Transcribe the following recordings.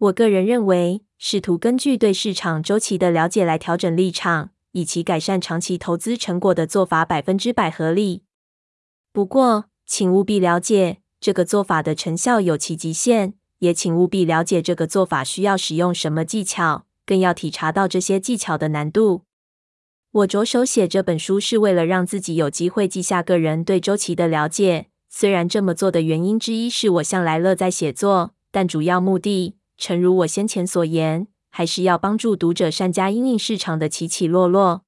我個人認為，試圖根據對市場周期的了解來調整立場，以期改善長期投資成果的做法，百分之百合理。不過，請務必了解這個做法的成效有其極限，也請務必了解這個做法需要使用什麼技巧，更要體察到這些技巧的難度。我着手寫這本書是為了讓自己有機會記下個人對周期的了解。雖然這麼做的原因之一是我向來樂在寫作，但主要目的。誠如我先前所言，還是要幫助讀者善加因應市場的起起落落。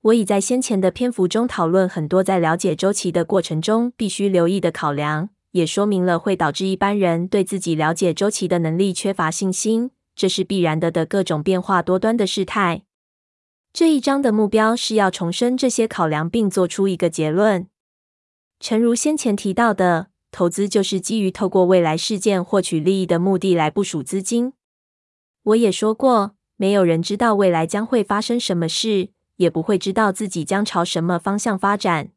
我已在先前的篇幅中討論很多在了解周期的過程中必須留意的考量，也說明了會導致一般人對自己了解周期的能力缺乏信心，這是必然的的各種變化多端的事態。這一章的目標是要重申這些考量，並做出一個結論。誠如先前提到的。投資就是基於透過未來事件獲取利益的目的來部署資金。我也說過，沒有人知道未來將會發生什麼事，也不會知道自己將朝什麼方向發展。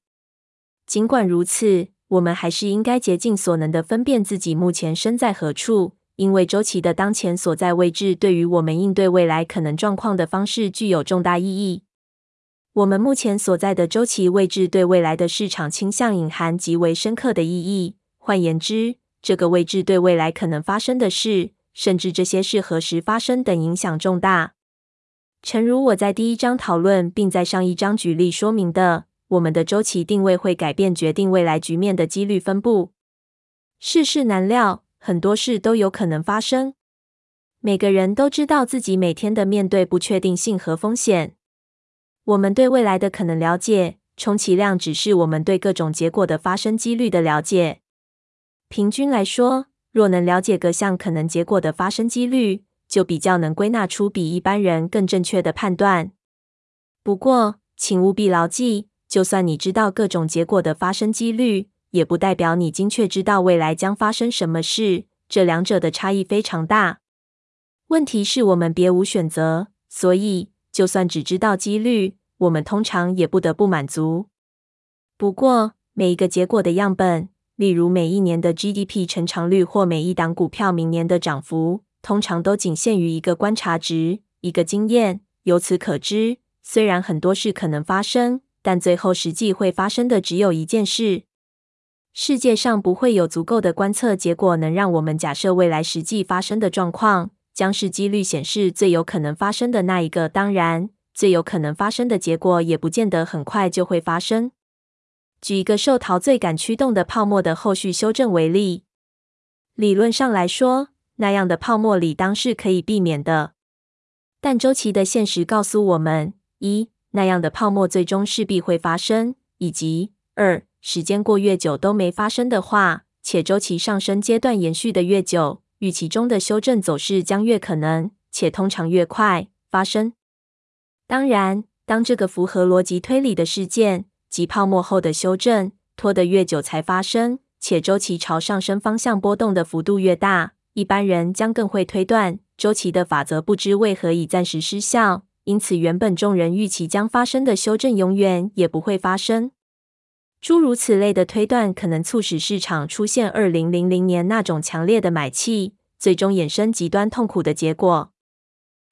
儘管如此，我們還是應該竭盡所能地分辨自己目前身在何處，因為週期的當前所在位置對於我們應對未來可能狀況的方式具有重大意義。我們目前所在的週期位置對未來的市場傾向隱含極為深刻的意義。換言之，這個位置對未來可能發生的事，甚至這些事何時發生等影響重大。誠如我在第一章討論，並在上一章舉例說明的，我們的週期定位會改變決定未來局面的幾率分布。世事難料，很多事都有可能發生。每個人都知道自己每天的面對不確定性和風險。我們對未來的可能了解，充其量只是我們對各種結果的發生幾率的了解。平均來說，若能了解各項可能結果的發生幾率，就比較能歸納出比一般人更正確的判斷。不過，請務必牢記，就算你知道各種結果的發生幾率，也不代表你精確知道未來將發生什麼事，這兩者的差異非常大。問題是我們別無選擇，所以就算只知道幾率，我們通常也不得不滿足。不過，每一個結果的樣本，例如，每一年的 GDP 成長率或每一檔股票明年的漲幅，通常都僅限於一個觀察值、一個經驗。由此可知，雖然很多事可能發生，但最後實際會發生的只有一件事。世界上不會有足夠的觀測結果能讓我們假設未來實際發生的狀況將是幾率顯示最有可能發生的那一個。當然，最有可能發生的結果也不見得很快就會發生。舉一個受陶醉感驅動的泡沫的後續修正為例，理論上來說，那樣的泡沫理當是可以避免的。但週期的現實告訴我們：一，那樣的泡沫最終勢必會發生；以及二，時間過越久都沒發生的話，且週期上升階段延續的越久，預期中的修正走勢將越可能，且通常越快發生。當然，當這個符合邏輯推理的事件，及泡沫後的修正拖得越久才發生，且週期朝上升方向波動的幅度越大，一般人將更會推斷週期的法則不知為何已暫時失效。因此，原本眾人預期將發生的修正永遠也不會發生。諸如此類的推斷，可能促使市場出現二零零零年那種強烈的買氣，最終衍生極端痛苦的結果。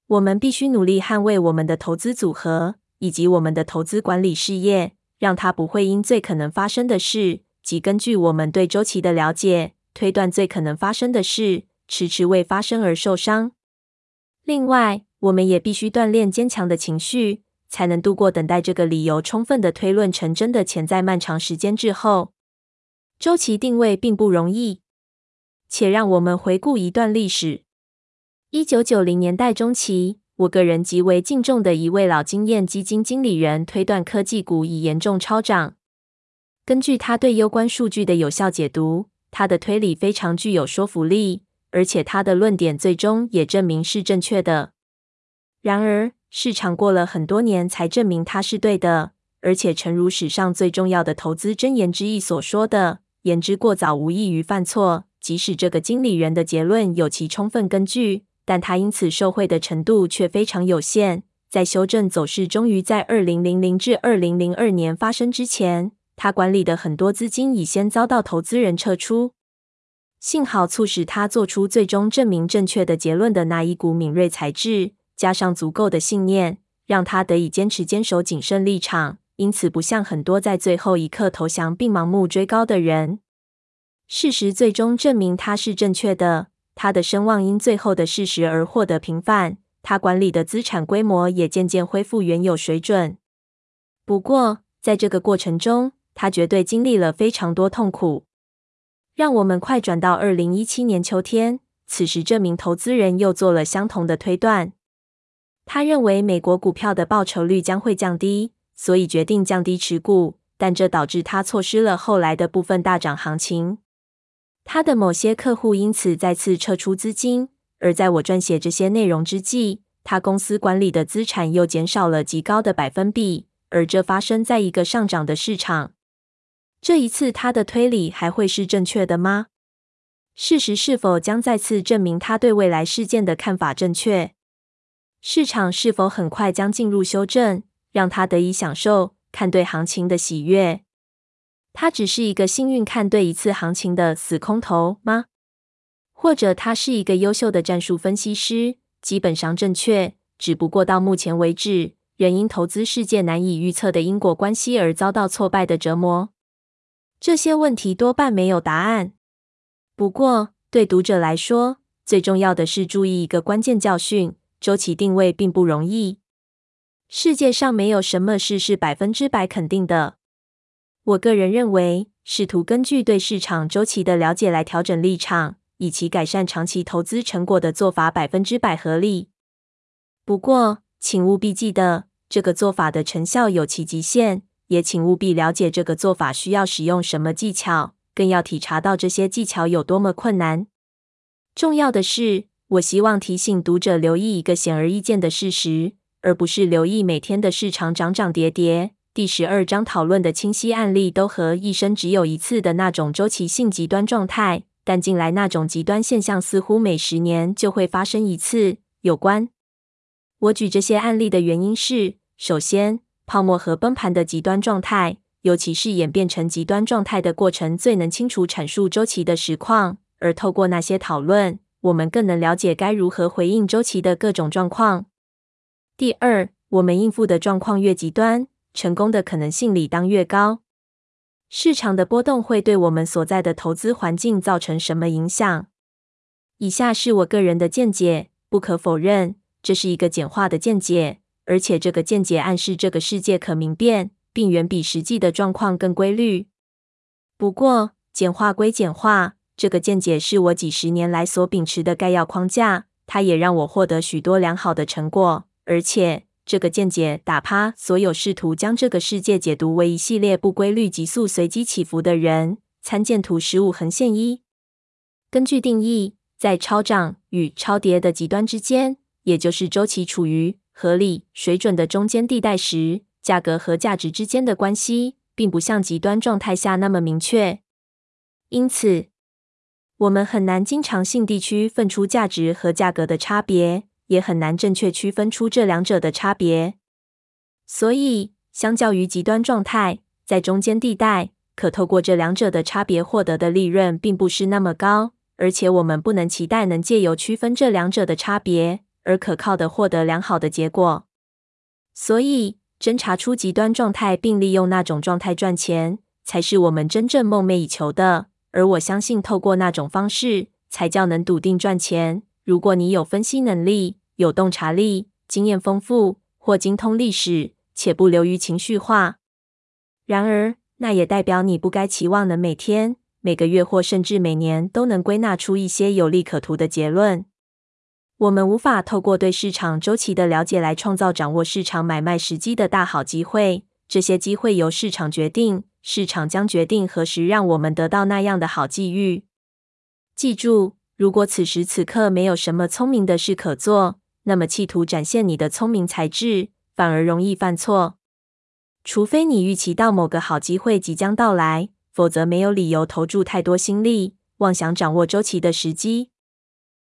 我們必須努力捍衛我們的投資組合以及我們的投資管理事業。讓他不會因最可能發生的事，即根據我們對周期的了解，推斷最可能發生的事，遲遲未發生而受傷。另外，我們也必須鍛鍊堅強的情緒，才能度過等待這個理由充分的推論成真的潛在漫長時間之後。周期定位並不容易，且讓我們回顧一段歷史：一九九零年代中期。我個人極為敬重的一位老經驗基金經理人推斷科技股已嚴重超漲。根據他對攸關數據的有效解讀，他的推理非常具有說服力，而且他的論點最終也證明是正確的。然而，市場過了很多年才證明他是對的。而且，誠如史上最重要的投資箴言之一所說的，“言之過早無異於犯錯”，即使這個經理人的結論有其充分根據。但他因此受惠的程度卻非常有限，在修正走勢終於在二零零零至二零零二年發生之前，他管理的很多資金已先遭到投資人撤出。幸好，促使他做出最終證明正確的結論的那一股敏銳才智，加上足夠的信念，讓他得以堅持堅守謹慎立場，因此不像很多在最後一刻投降並盲目追高的人。事實最終證明他是正確的。他的聲望因最後的事實而獲得平反，他管理的資產規模也漸漸恢復原有水準。不過，在這個過程中，他絕對經歷了非常多痛苦。讓我們快轉到二零一七年秋天，此時這名投資人又做了相同的推斷。他認為美國股票的報酬率將會降低，所以決定降低持股，但這導致他錯失了後來的部分大漲行情。他的某些客戶因此再次撤出資金，而在我撰寫這些內容之際，他公司管理的資產又減少了極高的百分比，而這發生在一個上漲的市場。這一次他的推理還會是正確的嗎？事實是否將再次證明他對未來事件的看法正確？市場是否很快將進入修正，讓他得以享受看對行情的喜悅？他只是一個幸運看對一次行情的死空頭嗎？或者他是一個優秀的戰術分析師，基本上正確，只不過到目前為止，仍因投資世界難以預測的因果關係而遭到挫敗的折磨。這些問題多半沒有答案。不過，對讀者來說，最重要的是注意一個關鍵教訓：周期定位並不容易。世界上沒有什麼事是百分之百肯定的。我個人認為，試圖根據對市場週期的了解來調整立場，以期改善長期投資成果的做法，百分之百合理。不過，請務必記得，這個做法的成效有其極限，也請務必了解這個做法需要使用什麼技巧，更要體察到這些技巧有多麼困難。重要的是，我希望提醒讀者留意一個顯而易見的事實，而不是留意每天的市場漲漲跌跌。第十二章討論的清晰案例都和一生只有一次的那種週期性極端狀態，但近來那種極端現象似乎每十年就會發生一次有關。我舉這些案例的原因是：首先，泡沫和崩盤的極端狀態，尤其是演變成極端狀態的過程，最能清楚闡述週期的實況；而透過那些討論，我們更能了解該如何回應週期的各種狀況。第二，我們應付的狀況越極端，成功的可能性理當越高，市場的波動會對我們所在的投資環境造成什麼影響？以下是我個人的見解，不可否認，這是一個簡化的見解，而且這個見解暗示這個世界可明辨，並遠比實際的狀況更規律。不過，簡化歸簡化，這個見解是我幾十年來所秉持的概要框架，它也讓我獲得許多良好的成果，而且，這個見解打趴所有試圖將這個世界解讀為一系列不規律、急速、隨機起伏的人。參見圖十五橫線一。根據定義，在超漲與超跌的極端之間，也就是周期處於合理水準的中間地帶時，價格和價值之間的關係並不像極端狀態下那麼明確。因此，我們很難經常性地區分出價值和價格的差別。也很難正確區分出這兩者的差別，所以相較於極端狀態，在中間地帶，可透過這兩者的差別獲得的利潤並不是那麼高，而且我們不能期待能借由區分這兩者的差別而可靠地獲得良好的結果。所以，偵查出極端狀態並利用那種狀態賺錢，才是我們真正夢寐以求的。而我相信，透過那種方式才叫能篤定賺錢。如果你有分析能力，有洞察力、經驗豐富或精通歷史，且不流於情緒化。然而，那也代表你不該期望能每天、每個月或甚至每年都能歸納出一些有利可圖的結論。我們無法透過對市場周期的了解來創造掌握市場買賣時機的大好機會。這些機會由市場決定，市場將決定何時讓我們得到那樣的好機遇。記住，如果此時此刻沒有什麼聰明的事可做，那麼，企圖展現你的聰明才智，反而容易犯錯。除非你預期到某個好機會即將到來，否則沒有理由投注太多心力，妄想掌握週期的時機。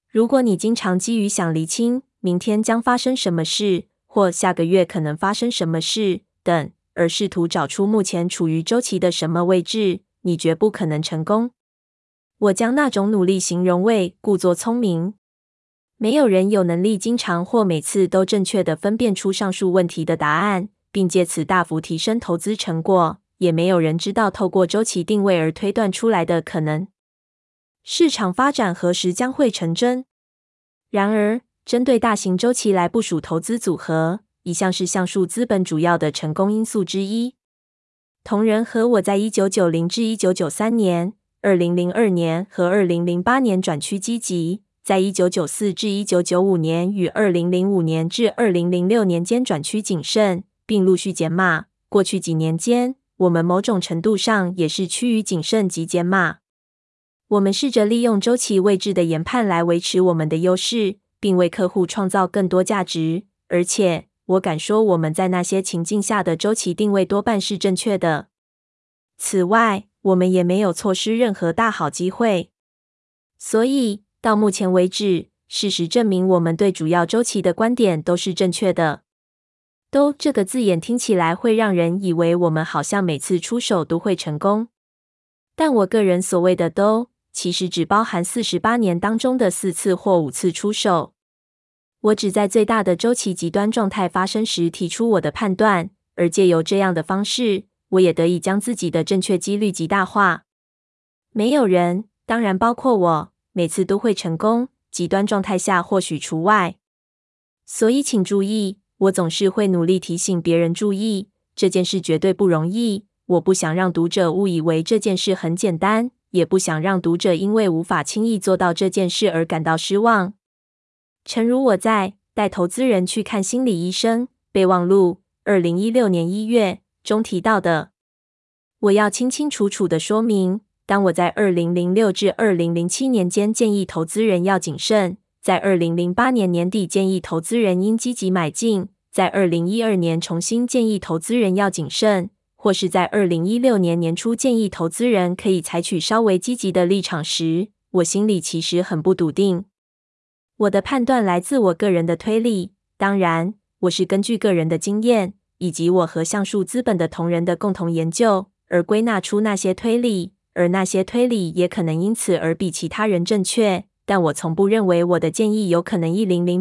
如果你經常基於想釐清明天將發生什麼事，或下個月可能發生什麼事等，而試圖找出目前處於週期的什麼位置，你絕不可能成功。我將那種努力形容為故作聰明。沒有人有能力經常或每次都正確的分辨出上述問題的答案，並借此大幅提升投資成果。也沒有人知道透過週期定位而推斷出來的可能市場發展何時將會成真。然而，針對大型週期來部署投資組合，一向是橡樹資本主要的成功因素之一。同仁和我在一九九零至一九九三年、二零零二年和二零零八年轉趨積極。在一九九四至一九九五年與二零零五年至二零零六年間轉趨謹慎，並陸續減碼。過去幾年間，我們某種程度上也是趨於謹慎及減碼。我們試着利用周期位置的研判來維持我們的優勢，並為客戶創造更多價值。而且，我敢說我們在那些情境下的周期定位多半是正確的。此外，我們也沒有錯失任何大好機會。所以。到目前為止，事實證明我們對主要周期的觀點都是正確的。都這個字眼聽起來會讓人以為我們好像每次出手都會成功，但我個人所謂的“都”其實只包含四十八年當中的四次或五次出手。我只在最大的周期極端狀態發生時提出我的判斷，而借由這樣的方式，我也得以將自己的正確幾率極大化。沒有人，當然包括我。每次都會成功，極端狀態下或許除外。所以請注意，我總是會努力提醒別人注意這件事絕對不容易。我不想讓讀者誤以為這件事很簡單，也不想讓讀者因為無法輕易做到這件事而感到失望。誠如我在帶投資人去看心理醫生備忘錄二零一六年一月中提到的，我要清清楚楚的說明。當我在二零零六至二零零七年間建議投資人要謹慎，在二零零八年年底建議投資人應積極買進，在二零一二年重新建議投資人要謹慎，或是在二零一六年年初建議投資人可以採取稍微積極的立場時，我心裡其實很不篤定。我的判斷來自我個人的推理，當然，我是根據個人的經驗以及我和橡樹資本的同仁的共同研究而歸納出那些推理。而那些推理也可能因此而比其他人正確，但我從不認為我的建議有可能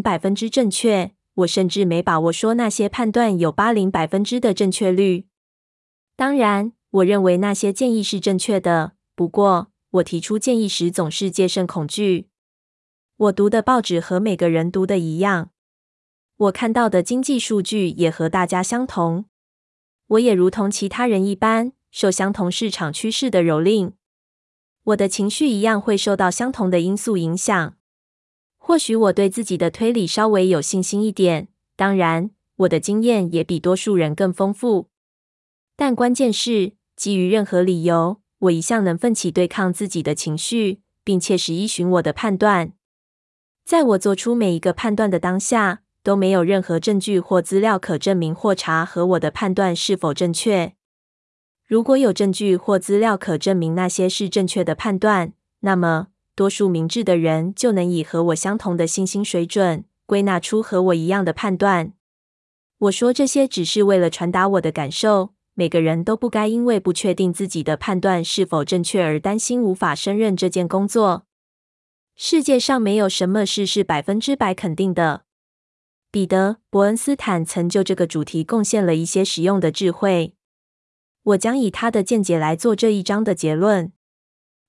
百分之百正確。我甚至沒把握說那些判斷有百分之八十的正確率。當然，我認為那些建議是正確的。不過，我提出建議時總是戒慎恐懼。我讀的報紙和每個人讀的一樣，我看到的經濟數據也和大家相同。我也如同其他人一般。受相同市場趨勢的蹂躪，我的情緒一樣會受到相同的因素影響。或許我對自己的推理稍微有信心一點，當然，我的經驗也比多數人更豐富。但關鍵是，基於任何理由，我一向能奮起對抗自己的情緒，並切實依循我的判斷。在我做出每一個判斷的當下，都沒有任何證據或資料可證明或查核我的判斷是否正確。如果有證據或資料可證明那些是正確的判斷，那麼多數明智的人就能以和我相同的信心水準歸納出和我一樣的判斷。我說這些只是為了傳達我的感受。每個人都不該因為不確定自己的判斷是否正確而擔心無法勝任這件工作。世界上沒有什麼事是百分之百肯定的。彼得·伯恩斯坦曾就這個主題貢獻了一些實用的智慧。我將以他的見解來做這一章的結論。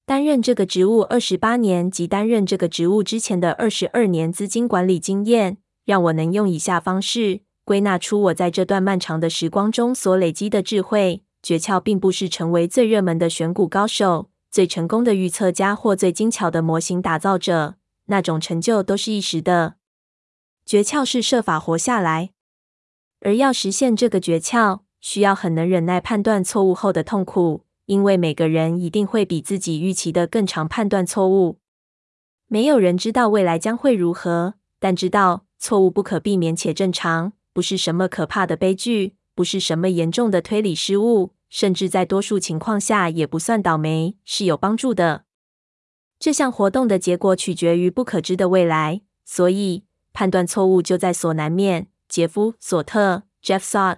擔任這個職務二十八年及擔任這個職務之前的二十二年資金管理經驗，讓我能用以下方式歸納出我在這段漫長的時光中所累積的智慧。訣竅並不是成為最熱門的選股高手、最成功的預測家或最精巧的模型打造者，那種成就都是一時的。訣竅是設法活下來，而要實現這個訣竅。需要很能忍耐，判斷錯誤後的痛苦，因為每個人一定會比自己預期的更常判斷錯誤。沒有人知道未來將會如何，但知道錯誤不可避免且正常，不是什麼可怕的悲劇，不是什麼嚴重的推理失誤，甚至在多數情況下也不算倒霉，是有幫助的。這項活動的結果取決於不可知的未來，所以判斷錯誤就在所難免。傑夫·索特 （Jeff Sott）。